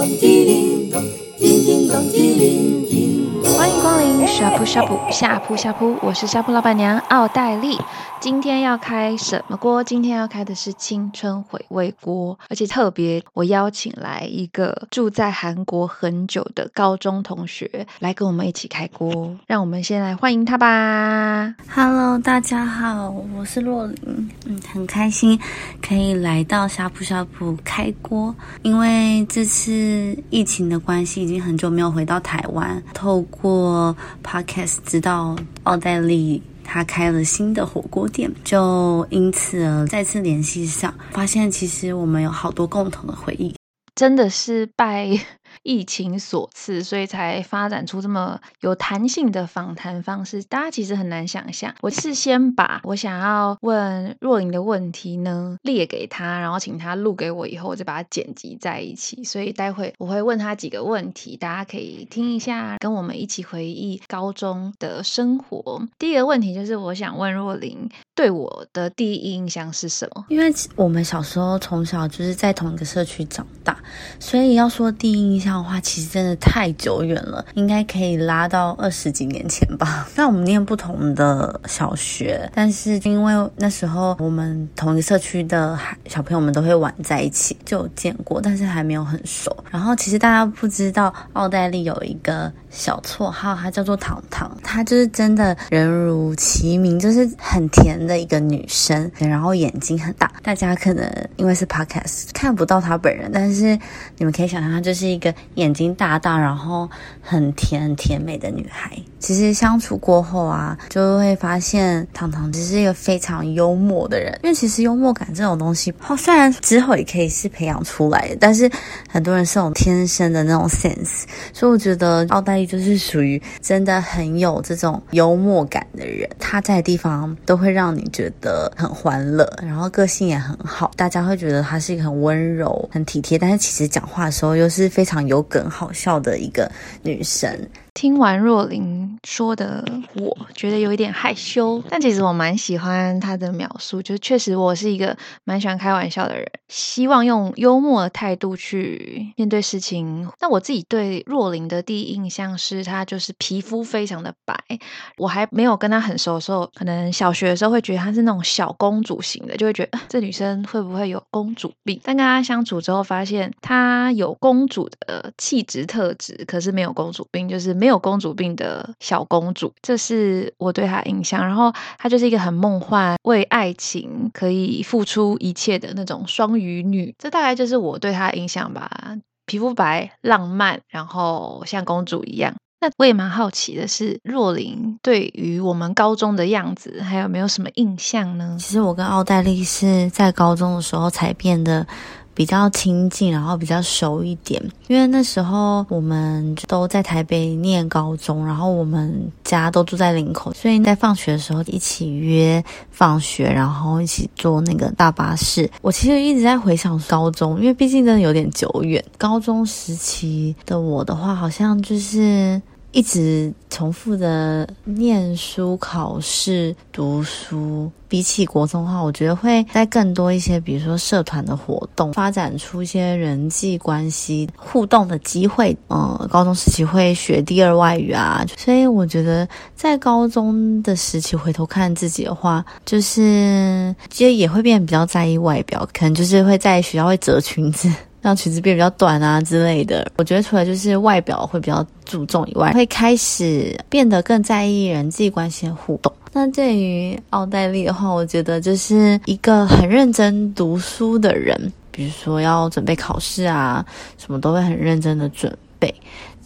歡迎光臨呷哺呷哺呷哺呷哺，我是呷哺老闆娘奧黛麗。今天要開什麼鍋？今天要開的是青春回味鍋，而且特別，我邀請來一個住在韓國很久的高中同學來跟我們一起開鍋。讓我們先來歡迎他吧。Hello，大家好，我是若琳。嗯，很開心可以來到呷哺呷哺開鍋，因為這次疫情的關係，已經很久沒有回到台灣。透過 Podcast 知道奧黛麗。他開了新的火鍋店，就因此而再次聯繫上，發現其實我們有好多共同的回憶，真的是拜疫情所賜，所以才發展出這麼有彈性的訪談方式。大家其實很難想象，我是先把我想要問若琳的問題呢列給他，然後請他錄給我，以後我再把它剪輯在一起。所以待會我會問他幾個問題，大家可以聽一下，跟我們一起回憶高中的生活。第一個問題就是我想問若琳對我的第一印象是什麼？因為我們小時候從小就是在同一個社區長大，所以要說第一印象。這樣的話，其實真的太久遠了，應該可以拉到二十幾年前吧。雖然我們念不同的小學，但是因為那時候我們同一個社區的小朋友們都會玩在一起，就有見過，但是還沒有很熟。然後其實大家不知道，奧黛麗有一個。小綽號，她叫做糖糖，她就是真的人如其名，就是很甜的一個女生。然後眼睛很大，大家可能因為是 podcast 看不到她本人，但是你們可以想象，她就是一個眼睛大大，然後很甜、很甜美的女孩。其實相處過後啊，就會發現糖糖只是一個非常幽默的人。因為其實幽默感這種東西，哦，雖然之後也可以是培養出來的，但是很多人是那種天生的那種 sense。所以我覺得奧黛。就是屬於真的很有這種幽默感的人。他在的地方都會讓你覺得很歡樂，然後個性也很好，大家會覺得她是一個很溫柔、很體貼，但是其實講話的時候又是非常有梗、好笑的一個女神。聽完若琳說的，我覺得有一點害羞，但其實我蠻喜歡她的描述，就是確實我是一個蠻喜歡開玩笑的人，希望用幽默的態度去面對事情。那我自己對若琳的第一印象是，她就是皮膚非常的白。我還沒有跟她很熟的時候，可能小學的時候會覺得她是那種小公主型的，就會覺得這女生會不會有公主病？但跟她相處之後，發現她有公主的氣質特質，可是沒有公主病，就是。沒有公主病的小公主，這是我對她印象。然後她就是一個很夢幻、為愛情可以付出一切的那種雙魚女，這大概就是我對她的印象吧。皮膚白、浪漫，然後像公主一樣。那我也蠻好奇的是，若琳對於我們高中的樣子還有沒有什麼印象呢？其實我跟奧黛麗是在高中的時候才變得。比較親近，然後比較熟一點，因為那時候我們都在台北念高中，然後我們家都住在林口，所以在放學的時候一起約放學，然後一起坐那個大巴士。我其實一直在回想高中，因為畢竟真的有點久遠。高中時期的我的話，好像就是。一直重複的念書、考試、讀書，比起國中的話，我覺得會再更多一些，比如說社團的活動，發展出一些人際關係互動的機會。嗯，高中時期會學第二外語啊，所以我覺得在高中的時期回頭看自己的話，就是其實也會變得比較在意外表，可能就是會在學校會折裙子。讓裙子變得比較短啊之類的，我覺得除了就是外表會比較注重以外，會開始變得更在意人際關係的互動。那對於奧黛麗的話，我覺得就是一個很認真讀書的人，比如說要準備考試啊，什麼都會很認真的準備。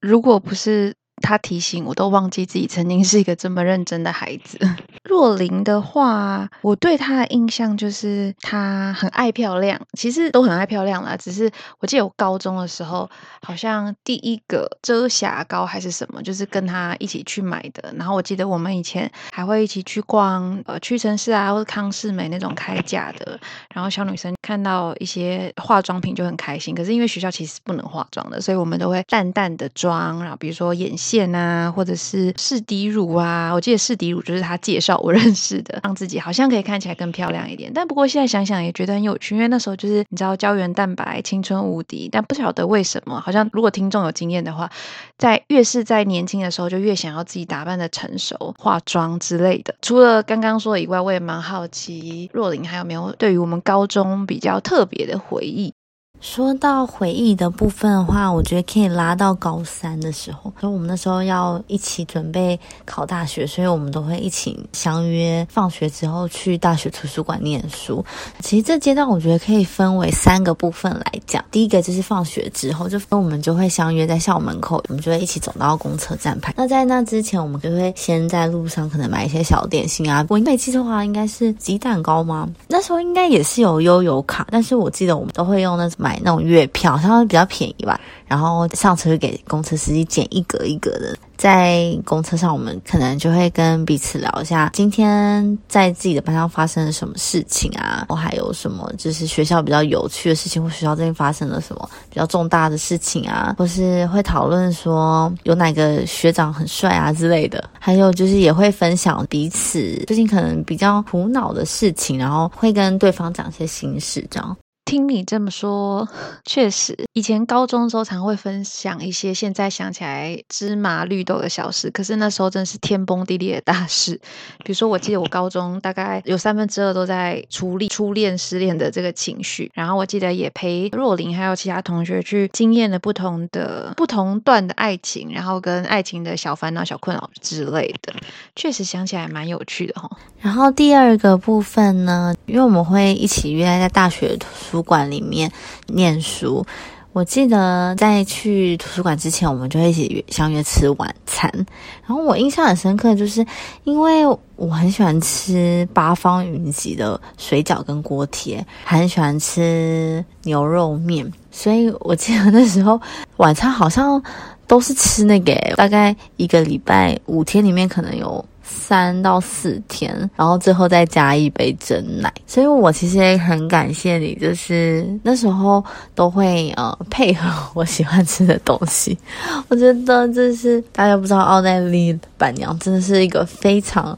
如果不是。他提醒我，都忘記自己曾經是一個這麼認真的孩子。若琳的話，我對她的印象就是她很愛漂亮，其實都很愛漂亮啦。只是我記得我高中的時候，好像第一個遮瑕膏，還是什麼，就是跟她一起去買的。然後我記得我們以前還會一起去逛呃、屈臣氏啊，或者康是美那種開架的。然後小女生。看到一些化妝品就很開心，可是因為學校其實不能化妝的，所以我們都會淡淡的妝，然後比如說眼線啊，或者是飾底乳啊。我記得飾底乳就是他介紹我認識的，讓自己好像可以看起來更漂亮一點。但不過現在想想也覺得很有趣，因為那時候就是你知道膠原蛋白青春無敵，但不曉得為什麼，好像如果聽眾有經驗的話，在越是在年輕的時候就越想要自己打扮的成熟、化妝之類的。除了剛剛說以外，我也蠻好奇若琳還有沒有對於我們高中比比較特別的回憶。說到回憶的部分的話，我覺得可以拉到高三的時候，因為我們那時候要一起準備考大學，所以我們都會一起相約放學之後去大學圖書館念書。其實這階段我覺得可以分為三個部分來講，第一個就是放學之後，就我們就會相約在校門口，我們就會一起走到公車站牌。那在那之前，我們就會先在路上可能買一些小點心啊。我你沒記錯的話、啊，應該是雞蛋糕嗎？那時候應該也是有悠遊卡，但是我記得我們都會用那什麼。買那種月票好像比較便宜吧，然後上車會給公車司機剪一格一格的，在公車上我們可能就會跟彼此聊一下今天在自己的班上發生了什麼事情啊，或還有什麼就是學校比較有趣的事情，或學校這邊發生了什麼比較重大的事情啊，或是會討論說有哪個學長很帥啊之類的，還有就是也會分享彼此最近可能比較苦惱的事情，然後會跟對方講一些心事這樣。聽你這麼說，確實，以前高中的時候常會分享一些現在想起來芝麻綠豆的小事，可是那時候真的是天崩地裂的大事。比如說，我記得我高中大概有三分之二都在處理初戀失戀的這個情緒，然後我記得也陪若琳還有其他同學去經驗了不同的不同段的愛情，然後跟愛情的小煩惱、小困擾之類的，確實想起來蠻有趣的哈、哦。然後第二個部分呢，因為我們會一起約在大學讀書。圖書館裡面念書，我記得在去圖書館之前，我們就會一起相約吃晚餐。然後我印象很深刻，就是因為我很喜歡吃八方雲集的水餃跟鍋貼，還很喜歡吃牛肉麵，所以我記得那時候晚餐好像都是吃那個。大概一個禮拜五天裡面，可能有。三到四天，然後最後再加一杯珍奶。所以我其實也很感謝你，就是那時候都會呃配合我喜歡吃的東西。 我覺得這是大家不知道，奧黛麗板娘真的是一個非常。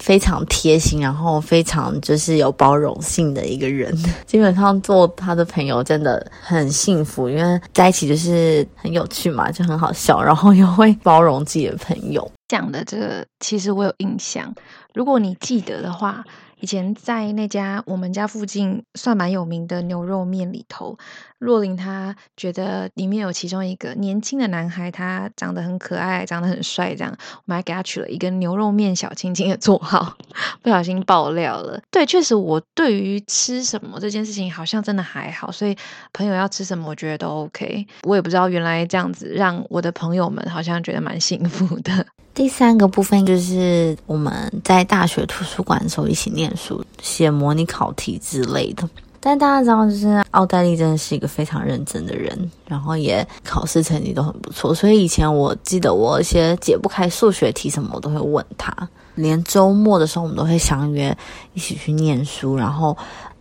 非常貼心，然後非常就是有包容性的一個人，基本上做他的朋友真的很幸福，因為在一起就是很有趣嘛，就很好笑，然後又會包容自己的朋友。講的這個其實我有印象，如果你記得的話。以前在那家我們家附近算蠻有名的牛肉麵裡頭，若琳她覺得裡面有其中一個年輕的男孩，他長得很可愛，長得很帥，這樣，我們還給他取了一個牛肉麵小青青的綽號。不小心爆料了，對，確實我對於吃什麼這件事情好像真的還好，所以朋友要吃什麼，我覺得都 OK。我也不知道原來這樣子讓我的朋友們好像覺得蠻幸福的。第三個部分就是我們在大學圖書館的時候一起念書、寫模擬考題之類的。但大家知道，就是奧黛麗真的是一個非常認真的人，然後也考試成績都很不錯。所以以前我記得我一些解不開數學題什麼，我都會問她。連周末的時候，我們都會相約一起去念書，然後。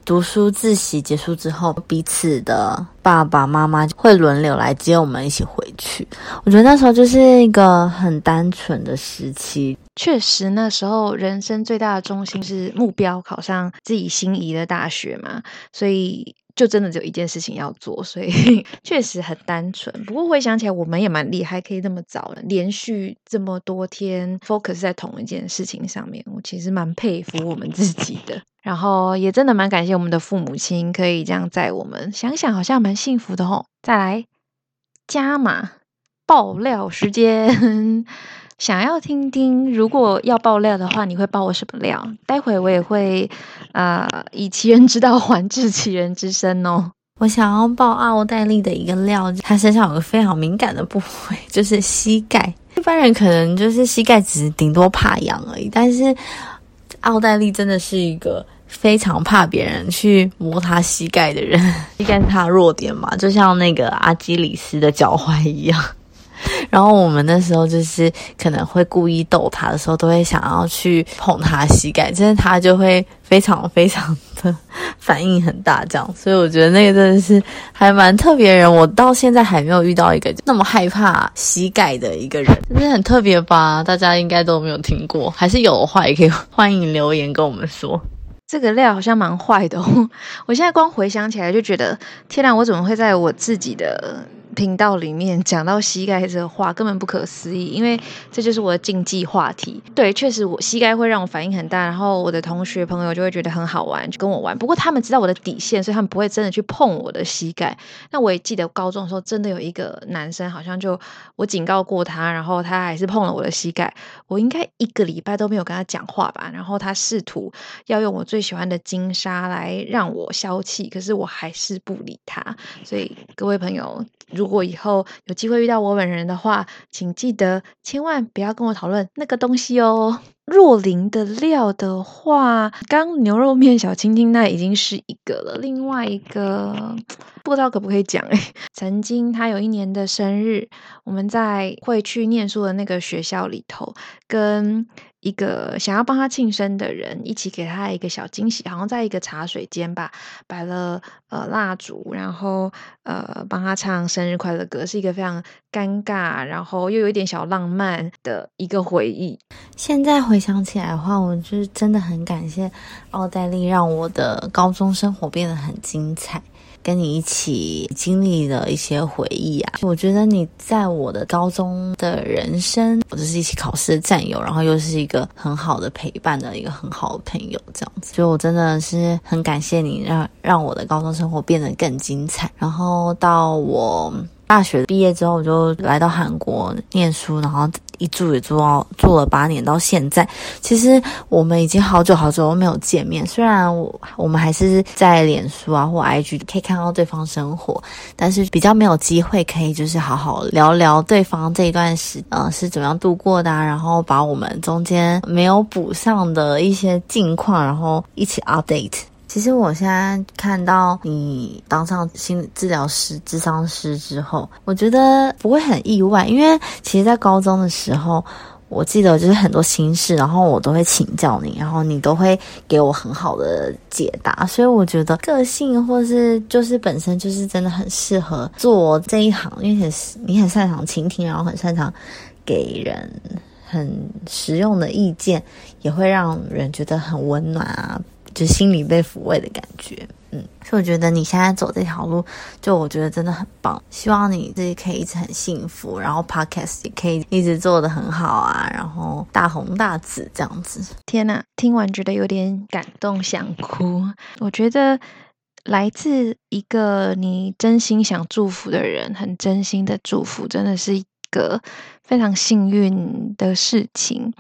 讀書自習結束之後，彼此的爸爸媽媽會輪流來接我們一起回去。我覺得那時候就是一個很單純的時期。確實，那時候人生最大的中心是目標，考上自己心儀的大學嘛，所以。就真的只有一件事情要做，所以確實很單純。不過回想起來，我們也蠻厲害，可以那麼早了，連續這麼多天 focus 在同一件事情上面，我其實蠻佩服我們自己的。然後也真的蠻感謝我們的父母親，可以這樣在我們想想，好像蠻幸福的哦。再來，加碼爆料時間。想要聽聽，如果要爆料的話，你會爆我什麼料？待會我也會，呃，以其人之道還治其人之身哦。我想要爆奧黛麗的一個料，她身上有個非常敏感的部位，就是膝蓋。一般人可能就是膝蓋只是頂多怕癢而已，但是奧黛麗真的是一個非常怕別人去摸她膝蓋的人，膝蓋是她的弱點嘛，就像那個阿基里斯的腳踝一樣。然後我們那時候就是可能會故意逗他的時候，都會想要去碰他膝蓋，真的他就會非常非常的反應很大這樣。所以我覺得那個真的是還蠻特別的人，我到現在還沒有遇到一個那麼害怕膝蓋的一個人，真的很特別吧？大家應該都沒有聽過，還是有的話也可以歡迎留言跟我們說。這個料好像蠻壞的哦，我現在光回想起來就覺得，天哪，我怎麼會在我自己的。頻道裡面講到膝蓋這話根本不可思議，因為這就是我的禁忌話題。對，確實我膝蓋會讓我反應很大，然後我的同學朋友就會覺得很好玩，就跟我玩。不過他們知道我的底線，所以他們不會真的去碰我的膝蓋。那我也記得高中的時候，真的有一個男生，好像就我警告過他，然後他還是碰了我的膝蓋。我應該一個禮拜都沒有跟他講話吧。然後他試圖要用我最喜歡的金沙來讓我消氣，可是我還是不理他。所以各位朋友，如如果以後有機會遇到我本人的話，請記得千萬不要跟我討論那個東西哦。若琳的料的話，剛牛肉麵小青青那已經是一個了，另外一個，不知道可不可以講誒 曾經他有一年的生日，我們在會去念書的那個學校裡頭，跟一個想要幫他慶生的人，一起給他一個小驚喜，好像在一個茶水間吧，擺了呃蠟燭，然後呃幫他唱生日快樂歌，是一個非常尷尬，然後又有一點小浪漫的一個回憶。現在回想起來的話，我就是真的很感謝奧黛麗，讓我的高中生活變得很精彩。跟你一起經歷的一些回憶啊，我覺得你在我的高中的人生，我就是一起考試的戰友，然後又是一個很好的陪伴的一個很好的朋友，這樣子，就我真的是很感謝你讓，讓讓我的高中生活變得更精彩。然後到我大學畢業之後，我就來到韓國念書，然後。一住也住到，住了八年到現在，其實我們已經好久好久都沒有見面。雖然我，我們還是在臉書啊或 IG 可以看到對方生活，但是比較沒有機會可以就是好好聊聊對方這一段時呃是怎麼樣度過的，啊，然後把我們中間沒有補上的一些近況，然後一起 update。其實我現在看到你當上心理治療師、諮商師，之後，我覺得不會很意外，因為其實，在高中的時候，我記得就是很多心事，然後我都會請教你，然後你都會給我很好的解答。所以我覺得個性或是就是本身就是真的很適合做這一行，因為很，你很擅長傾聽，然後很擅長給人很實用的意見，也會讓人覺得很溫暖啊。就心裡被撫慰的感覺，嗯，所以我覺得你現在走這條路，就我覺得真的很棒。希望你自己可以一直很幸福，然後 Podcast 也可以一直做得很好啊，然後大紅大紫這樣子。天啊，聽完覺得有點感動，想哭。 我覺得來自一個你真心想祝福的人，很真心的祝福，真的是一個非常幸運的事情。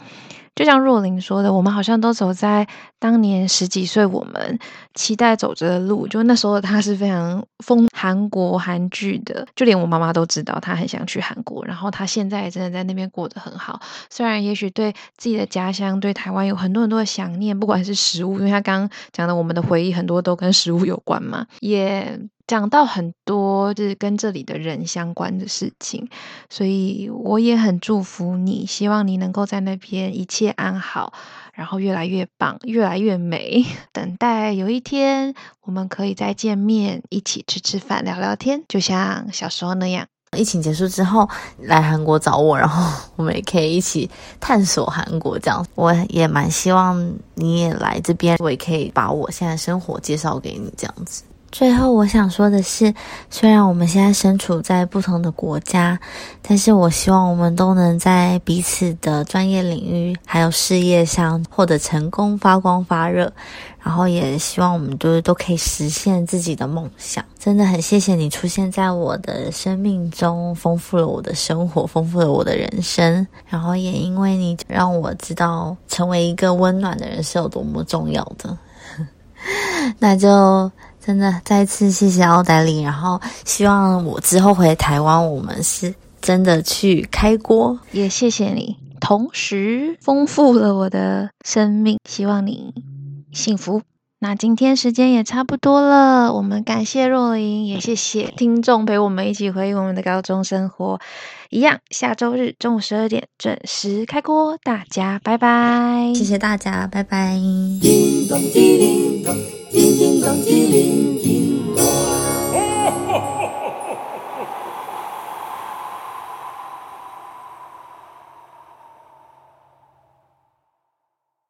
就像若琳說的，我們好像都走在。當年十幾歲，我們期待走着的路。就那時候他是非常瘋韓國韓劇的，就連我媽媽都知道他很想去韓國。然後他現在也真的在那邊過得很好，雖然也許對自己的家鄉、對台灣有很多很多的想念，不管是食物，因為他剛剛講的我們的回憶很多都跟食物有關嘛，也講到很多就是跟這裡的人相關的事情。所以我也很祝福你，希望你能夠在那邊一切安好。然後越來越棒，越來越美。等待有一天我們可以再見面，一起吃吃飯，聊聊天，就像小時候那樣。疫情結束之後，來韓國找我，然後我們也可以一起探索韓國。這樣，我也蠻希望你也來這邊，我也可以把我現在生活介紹給你，這樣子。最後，我想說的是，雖然我們現在身處在不同的國家，但是我希望我們都能在彼此的專業領域還有事業上獲得成功，發光發熱。然後也希望我們都都可以實現自己的夢想。真的很謝謝你出現在我的生命中，豐富了我的生活，豐富了我的人生。然後也因為你，讓我知道成為一個溫暖的人是有多麼重要的。 那就。真的，再次謝謝奧黛麗。然後，希望我之後回台灣，我們是真的去開鍋。也謝謝你，同時豐富了我的生命。希望你幸福。那今天時間也差不多了，我們感謝若琳，也謝謝聽眾陪我們一起回憶我們的高中生活。一樣，下週日中午十二點準時開鍋，大家拜拜，謝謝大家，拜拜。